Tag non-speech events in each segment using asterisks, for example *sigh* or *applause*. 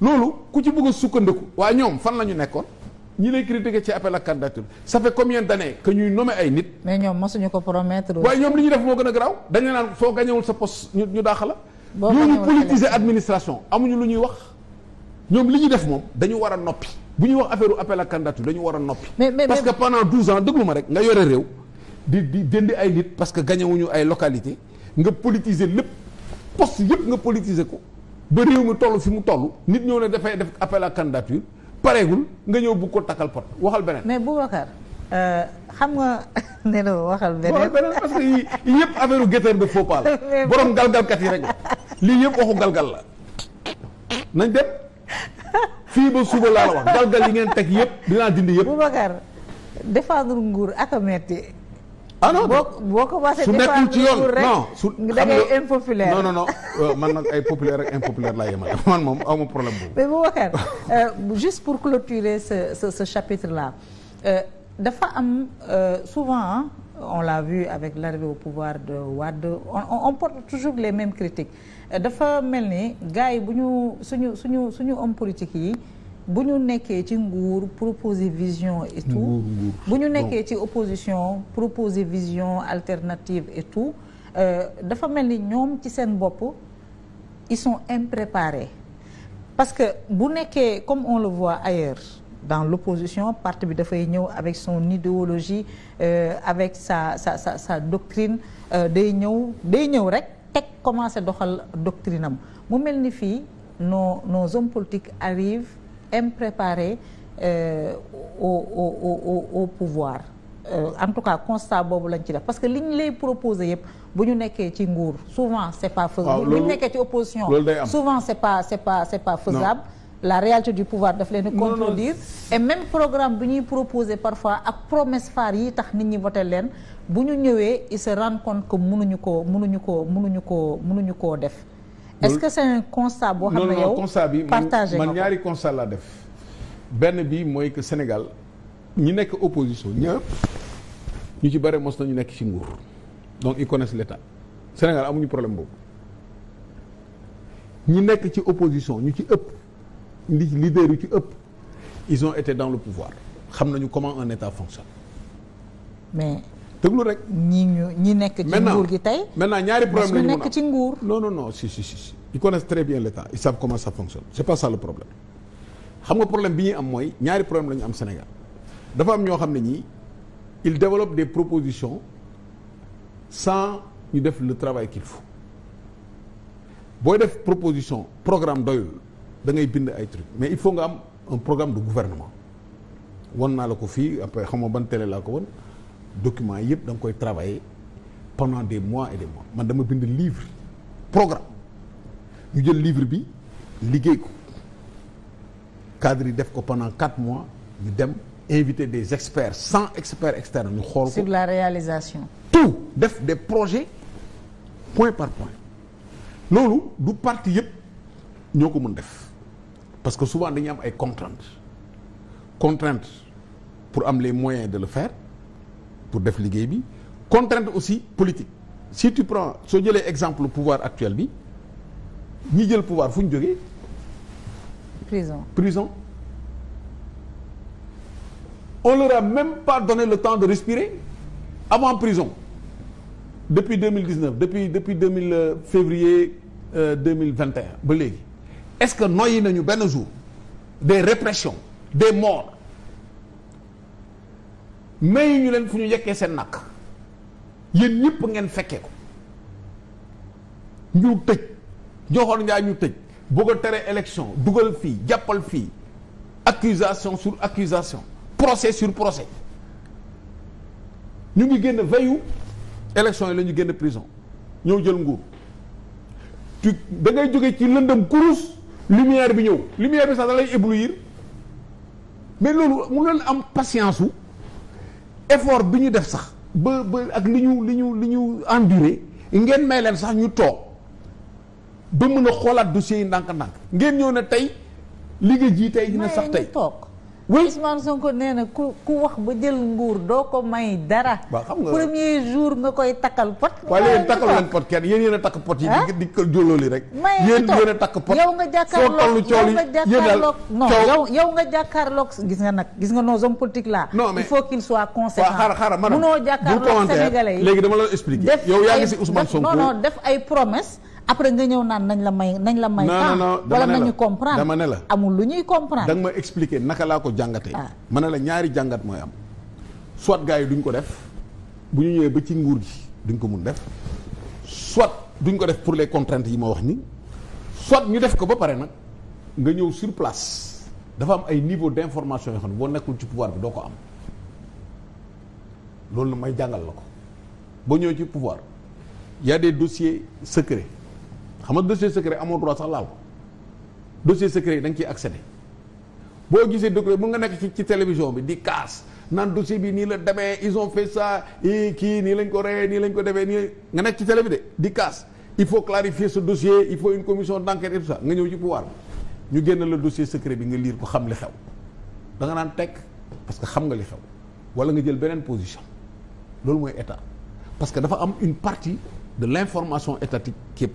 loolu ku ci bëgg a sukkandiku waaye ñoom fan la ñu nekkoon ñi lay critiquer ci appel à candidature ça fait combien d'années que ñuy nommer ay nit. mais ñoom mosuñu ko promettre. waaye ñoom li ñuy def moo gën a garaaw dañu naan soo sa poste ñu ñu daax la. ñooñu politiser administration amuñu lu ñuy wax ñoom li ñuy def moom dañu war a noppi bu ñuy wax affaire appel à candidature dañu war a noppi. parce que pendant 12 ans déglu ma rek nga yore réew di di jënd ay nit parce que gañewuñu ay localité nga politiser lépp post yëpp nga politiser ko. ba réew mi toll fi mu toll nit ñoo ne dafay def appel à candidature pareegul nga ñëw bu ko takkal pot waxal beneen. mais Boubacar euh, xam nga *laughs* ne la waxal beneen. waxal beneen parce que yii affaire guetteur de faux *laughs* borom galgalkat yi rek la lii yëpp waxu galgal la nañ dem fii ba suba laa la wax galgal yi ngeen teg yëpp dinaa dindi yëpp. Boubacar defaa nguur ak a metti ah non boo ko waxee su nekkul ci yoon non su da ngay impopulaire non non non euh, man nag ay populaire ak impopulaire laa yemale *laughs* man moom aw ma problème boobu. mais Boubacar euh, juste pour clôturer ce ce ce chapitre là euh, dafa am souvent on l'a vu avec l'arrivée au pouvoir de Wade on on porte toujours les mêmes critiques dafa mel ni gars yi bu ñu suñu suñu suñu homme politique yi. bu ñu nekkee ci nguur proposer vision et tout bu ñu nekkee ci opposition proposer vision alternative et tout euh, dafa mel ni ñoom ci seen bopp ils sont impréparés parce que bu nekkee comme on le voit ailleurs dans l'opposition parti bi dafay ñëw avec son idéologie euh, avec sa sa sa sa doctrine euh, day ñëw day ñëw rek teg commencé doxal doctrine mu mel ni fii noo nos hommes politiques arrivent impréparés euh, au, au, pouvoir euh, en tout cas constat boobu lañ ci def parce que liñ lay proposer yëpp bu ñu nekkee ci nguur souvent c'est pas faisable bu ñu nekkee ci opposition souvent c'est pas c'est pas c'est pas faisable la réalité du pouvoir daf leen di contredire et même programme bi ñuy proposer parfois ak promesse phare yi tax nit ñi voté leen bu ñu ñëwee ils se rendent compte que mënuñu ko mënuñu ko mënuñu ko mënuñu koo def est-ce que c'est un constat boo xam ne yow constat bi partagé man ñaari constat laa def benn bi mooy que Sénégal ñi nekk opposition ñëpp ñu ci bare mos ñu nekk ci nguur donc ils connaissent l'état Sénégal amuñu problème boobu ñi nekk ci opposition ñu ci ëpp li ci leader yu ci ëpp ils ont été dans le pouvoir xam nañu comment un état fonctionne mais déglu rek. ñii ñu ñi nekk ci nguur gi tey. maintenant ñaari problème la ñu nekk ci nguur. non non non si si si ils connaissent très bien l'état ils savent comment ça c'est pas ça problème xam nga problème bi ñuy am mooy ñaari problème lañu am Sénégal dafa am ñoo xam ne ñii il développent des propositions sans ñu def le travail qu'il faut booy def proposition programme doyul da ngay bind ay trucs mais il faut nga am un programme de gouvernement won naa la ko fii après xam nga ban télé laa ko won document yëpp da nga koy travailler pendant des mois et des mois man dama bind livre programme ñu jël livre bi liggéey ko cadre def ko pendant quatre mois ñu dem inviter des experts cent experts externes ñu xool ko la réalisation tout def des projets point par point loolu du parti yëpp ñoo ko mën def parce que souvent dañuy am ay contraintes contraintes pour am les moyens de le faire pour def liggéey bi contrainte aussi politique si tu prends soo jëlee exemple pouvoir actuel bi ñi jël pouvoir fu ñu jógee. prison prison. on leur a même pas donné le temps de respirer avant prison depuis deux mille dix neuf depuis depuis deux mille euh, février euh, deux mille vingt ba léegi est-ce que noyyi nañu benn jour des répressions des morts. may ñu leen fu ñu yekkee seen nakk yéen ñëpp ngeen fekkee ko ñu tëj joxoon ngaa ñu tëj bëgg a tere élection dugal fii jàppal fii accusation sur accusation procès sur procès ñu ngi génn veyu élection yi la ñu génn prison ñëw jël nguur tu da jóge ci lëndëm kurus lumière bi ñëw lumière bi sax da lay mais loolu mu leen am patience wu effort bi ñu def sax ba ba ak li ñu li ñu li ñu enduré ngeen may leen sax ñu toog ba mën a xoolaat dossiers yi ndànk-ndànk ngeen ñoo ne tey li nga tey dina sax tey toog oui Ousmane Sonko nee na ku ku wax ba jël nguur doo ko may dara. waa xam nga premier jour nga koy takkal pot. waaye léegi takkal leen pot kenn yéen yéen takk pot yi. di di ko jóllooli rek. maye yéen yéen a takk pot yow nga jàkkaarloog yow nga yow yow nga jàkkaarloog gis nga nag gis nga nos hommes politiques là. non mais il faut qu'il soit conséquent. waaw xaaral xaaral maanaam munoo jàkkaarloog sénégalais yi léegi dama la expliquer. yow yaa ngi si Ousmane Sonko def ay non après nga ñëw naan nañ la may nañ la may. non non wala nañu comprendre dama ne la amul lu ñuy comprendre. da nga ma expliquer naka laa ko jàngatee. Ah. ma ne la ñaari jàngat mooy am. soit gars yi duñ ko def bu ñu ñëwee ba ci nguur gi duñ ko mun def soit duñ ko def pour les contraintes yi ma wax ni soit ñu def ko ba pare nag nga ñëw surplace dafa am ay niveau d'information yoo xam ne boo nekkul ci pouvoir bi doo ko am loolu may jàngal la ko boo ñëwee ci pouvoir y a des dossiers xam nga dossier secret amoo droit sax laal ko yi da nga ciy boo gisee décret mun nga nekk ci ci télévision bi di kaas naan dossier bi nii la demee ils ont fait ça kii nii lañ ko reyee nii lañ ko demee nii nga nekk ci télé de di kaas il faut clarifier ce dossier il faut une commission d'enquête et tout ça nga ñëw ci pouvoir bi ñu génn la dossier secret bi nga liir ko xam li xew da nga naan tekk parce que xam nga li xew wala nga jël beneen position loolu mooy état parce que dafa am une partie de l'information étatique qui est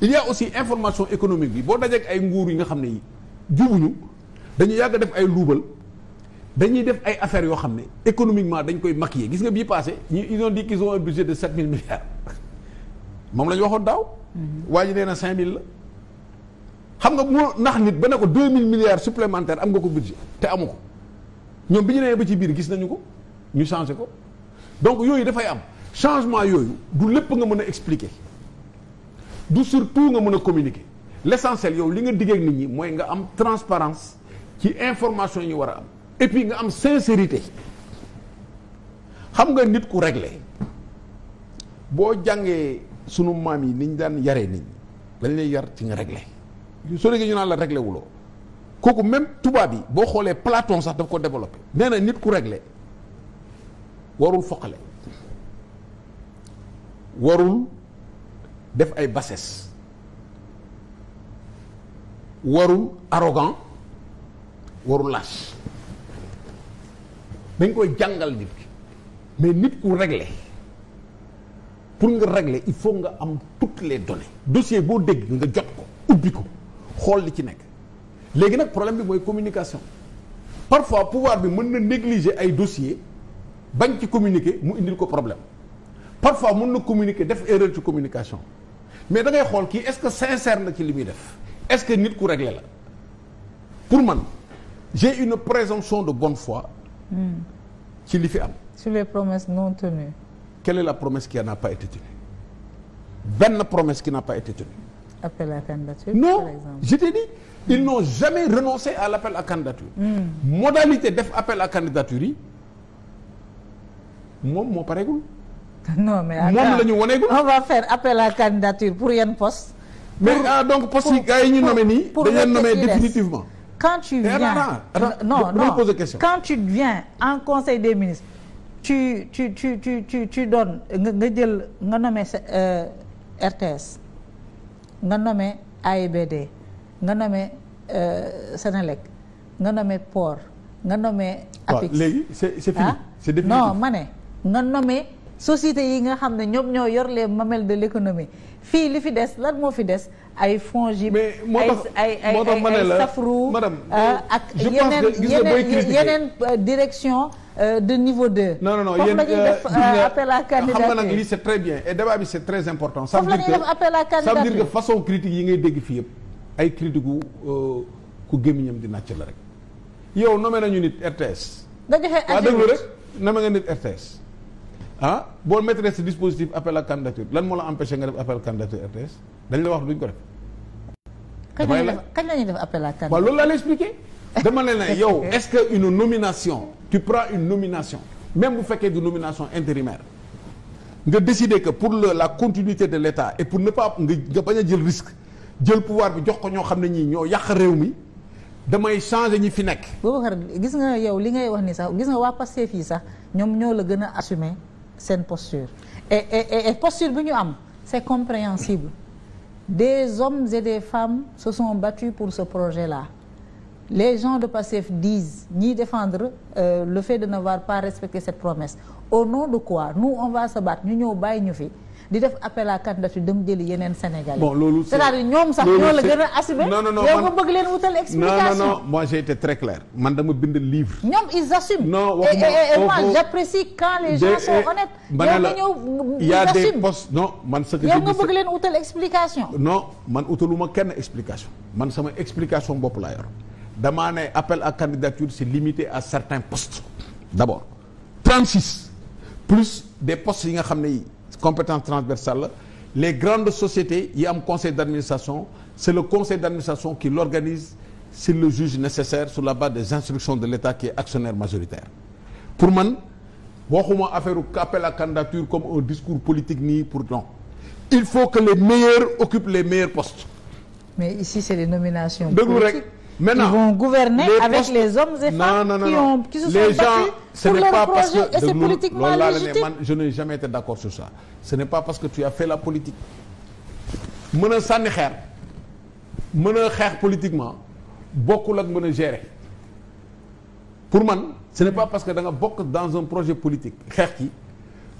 il y a aussi information économique bi boo dajeek ay nguur yi nga xam ne yi ñu dañu yàgg def ay luubal dañuy def ay affaires yoo xam ne économiquement dañ koy maquiller gis nga bii passé ñu ils ont dit qu'ils ont un budget mille milliards moom la ñu waxoon daaw. Mm-hmm. waa ji nee na cinq mille la. xam nga moo nax nit ba ne ko deux mille milliards supplémentaires am nga ko budget te amu ko ñoom bi ñu nee ba ci biir gis nañu ko ñu changé ko donc yooyu dafay am changement yooyu du lépp nga mën a expliquer. du surtout nga mën a communiquer l'essentiel yow li nga digg ak nit ñi mooy nga am transparence ci information yi ñu war a am et puis nga am sincérité xam nga nit ku regle boo jàngee sunu maam yi ni ñu daan yaree nit ñi dañ yar ci nga réglé soo déggee ñu naan la réglé wuloo kooku même tubaab yi boo xoolee Platon sax daf ko développé nee na nit ku réglé warul foqale warul def ay bassesse warul arogan waru lâche dañ koy jàngal nit mais nit ku régler pour nga régler il faut nga am toutes les données dossier boo dégg nga jot ko ubbi ko xool li ci nekk léegi nag problème bi mooy communication parfois pouvoir bi mën na négliger ay dossiers bañ ci communiquer mu indil ko problème parfois mën na communiquer def erreur ci communication mais da ngay xool kii est-ce que sincère na ci li muy def est-ce que nit ku réglé la pour man j'ai une présomption de bon fois ci li fi am. sur les promesses non tenues. quelle est la promesse qui n'a pas été tenue benn promesse qui n'a pas été tenue. appel à candidature non, par exemple non je t'ai dit ils mm. jamais renoncé à l'appel à candidature. Hmm. modalité def appel à candidature yi moom moo pareegul. non mais moom la ñu waneegul. on va faire appel à candidature pour yenn poste. mais ah donc poste yi gars yi ñu nommé nii. pour dañ leen définitivement. quand tu viens en conseil des ministres. tu tu tu tu tu tu nga jël nga nommé euh, RTS nga nommé AIBD e nga nommé euh, Sénélec nga nommé Port nga nommé. APIX léegi ah? ma ne nga nommé. société yi nga xam ne ñoom ñoo yor les mamelles de l'économie fii li fi des lan moo fi des ay FONGIP ay ay ay SAFRU ah, euh, ak yeneen yeneen yeneen euh, direction euh, de niveau 2 non non non foofu la ñuy def appel à candidature xam nga nag lii très bien et débat bi façon critique yi ngay dégg fii yëpp ay critique gu ku gémmiñam di nàcc la rek yow nommé nañu nit RTS nga joxe waaw déglu rek nommé nga nit RTS ah boo mettre si dispositif appel à candidature lan moo la empêché nga def appel à candidature RTS dañ la wax duñ ko def. damay la kañ la ñuy def appel à candidature. waaw loolu laa lay expliqué. dama ne la yow *laughs* est-ce que une nomination tu prends une nomination même bu fekkee du nomination intérimaire nga décider que pour le, la continuité de l'État et pour ne pas nga nga bañ a jël risque jël pouvoir bi jox ko ñoo xam ne ñii ñoo yàq réew mi damay changer ñi fi nekk. boobu gis nga yow li ngay wax ni sax gis nga waa Pastef yi sax ñoom ñoo la gën a assumer. seen posture et et et posture bi ñu am c'est compréhensible des hommes et des femmes se sont battus pour ce projet-là les gens de PASTEF disent ñiy défendre euh, le fait de n'avoir pas respecté cette promesse au nom de quoi nous on va se battre ñu ñëw bàyyi ñu fi di def appel à candidature dem jëli yeneen Sénégalais. bon loolu c'est-à-dire ñoom sax ñoo la gën a assumer. non non non yow nga bëgg leen wutal explication. non non non moi j'ai été très clair man dama bind livre. ñoom ils assument. non wax et moi j'apprécie quand les gens sont honnêtes. ma ne la yow nga ñëw y a des postes non man. ce que yow nga bëgg leen wutal explication. non man utaluma kenn explication man sama explication bopp laa yor damaa ne appel à candidature c'est limité à certains postes d'abord 36 plus des postes yi nga xam ne. compétence transversale la les grandes sociétés yi am conseil d'administration c'est le conseil d'administration qui l'organise s'il le juge nécessaire sur la base des instructions de l'État qui est actionnaire majoritaire pour man waxuma affaire appel à candidature comme un discours politique nii pour il faut que les meilleurs occupent les meilleurs postes mais ici c'est les nominations déglu rek gouverner avec les hommes et femmes qui se sont ce n'est pas projet, parce que c'est politiquement loolu laa la ne man je n'ai jamais été d'accord sur ça pas parce que tu as la politique mën a sànni xeer mën a xeex politiquement bokkul ak mën a gere pour man ce n'est pas parce que da bokk dans un projet politique xeex ki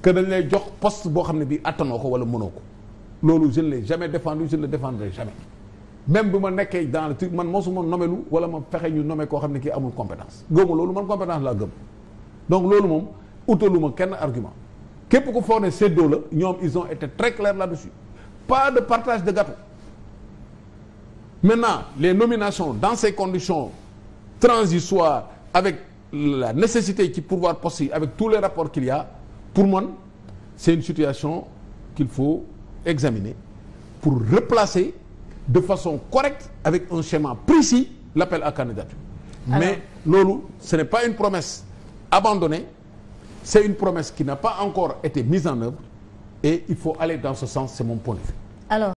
que dañ lay jox poste boo xam ne bii attanoo ko wala mënoo ko loolu je ne l'ai jamais défendu je ne le défendrai jamais même bi ma nekkee dans le truc man mosuma nomelu wala ma fexe ñu nommer koo xam ne kii amul compétence gëmuma loolu man compétence laa gëm donc loolu moom ma kenn argument képp ku foog ne séddoo la ñoom ils ont été très clairs là-dessus pas de partage de gâteau maintenant les nominations dans ces conditions transitoires avec la nécessité ci pourvoir poste yi avec tous les rapports qu'il y a pour man c'est une situation qu'il faut examiner pour replacer de façon correcte avec un schéma précis l'appel à candidature mais loolu ce n'est pas une promesse abandonné c'est une promesse qui n'a pas encore été mise en œuvre et il faut aller dans ce sens c'est mon point de vue. alors